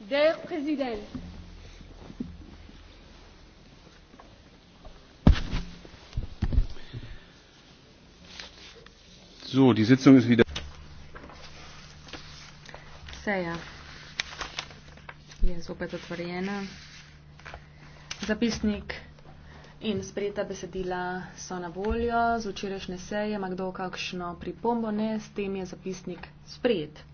Der Präsident. So, die Sitzung ist wieder. Seja. Je zopet otvorjena. Zapisnik in sprejeta besedila so na voljo. Z včerajšnje seje ima kdo kakšno pripombo? Ne, s tem je zapisnik sprejet.